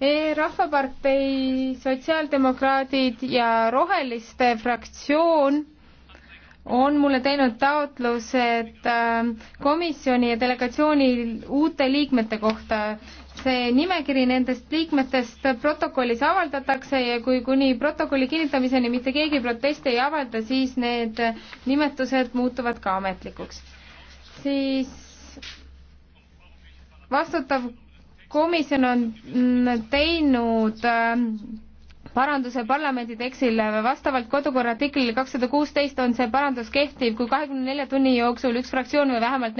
e Rahvapartei, Sotsiaaldemokraadid ja Roheliste fraktsioon on mulle teinud taotlused äh, komisjoni ja delegatsiooni uute liikmete kohta. see nimekiri nendest liikmetest protokollis avaldatakse ja kui kuni protokolli kinnitamiseni mitte keegi proteste ei avalda, siis need nimetused muutuvad ka ametlikuks. siis vastutav komisjon on teinud ähm, paranduse parlamendi tekstile vastavalt kodukorra artiklile kakssada kuusteist on see parandus kehtiv kui kahekümne nelja tunni jooksul üks fraktsioon või vähemalt